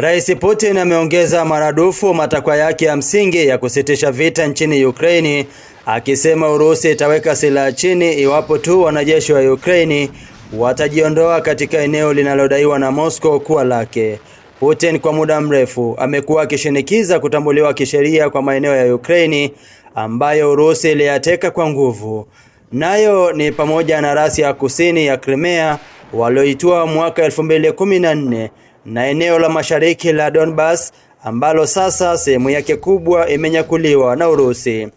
Rais Putin ameongeza maradufu matakwa yake ya msingi ya kusitisha vita nchini Ukraini, akisema Urusi itaweka silaha chini iwapo tu wanajeshi wa Ukraini watajiondoa katika eneo linalodaiwa na Moscow kuwa lake. Putin kwa muda mrefu amekuwa akishinikiza kutambuliwa kisheria kwa maeneo ya Ukraini ambayo Urusi iliyateka kwa nguvu. Nayo ni pamoja na rasi ya kusini ya Crimea walioitua mwaka 2014 na eneo la mashariki la Donbas ambalo sasa sehemu yake kubwa imenyakuliwa na Urusi.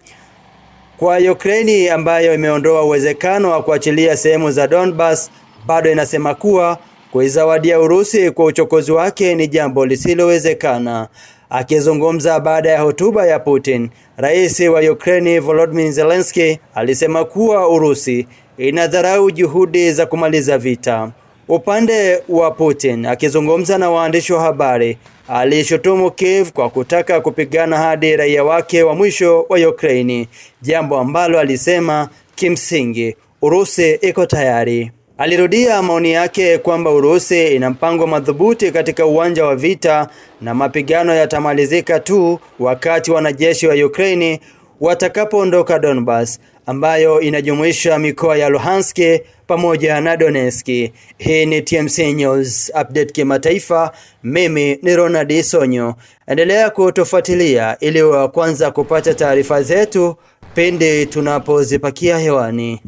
Kwa Ukraini ambayo imeondoa uwezekano wa kuachilia sehemu za Donbas, bado inasema kuwa kuizawadia Urusi kwa uchokozi wake ni jambo lisilowezekana. Akizungumza baada ya hotuba ya Putin, Rais wa Ukraini Volodymyr Zelensky alisema kuwa Urusi inadharau juhudi za kumaliza vita. Upande wa Putin akizungumza na waandishi wa habari alishutumu Kiev kwa kutaka kupigana hadi raia wake wa mwisho wa Ukraini, jambo ambalo alisema kimsingi Urusi iko tayari. Alirudia maoni yake kwamba Urusi ina mpango madhubuti katika uwanja wa vita na mapigano yatamalizika tu wakati wanajeshi wa Ukraini watakapoondoka Donbas ambayo inajumuisha mikoa ya Luhansk pamoja na Donetsk. Hii ni TMC News Update kimataifa. Mimi ni Ronald Sonyo. Endelea kutufuatilia ili wa kwanza kupata taarifa zetu pindi tunapozipakia hewani.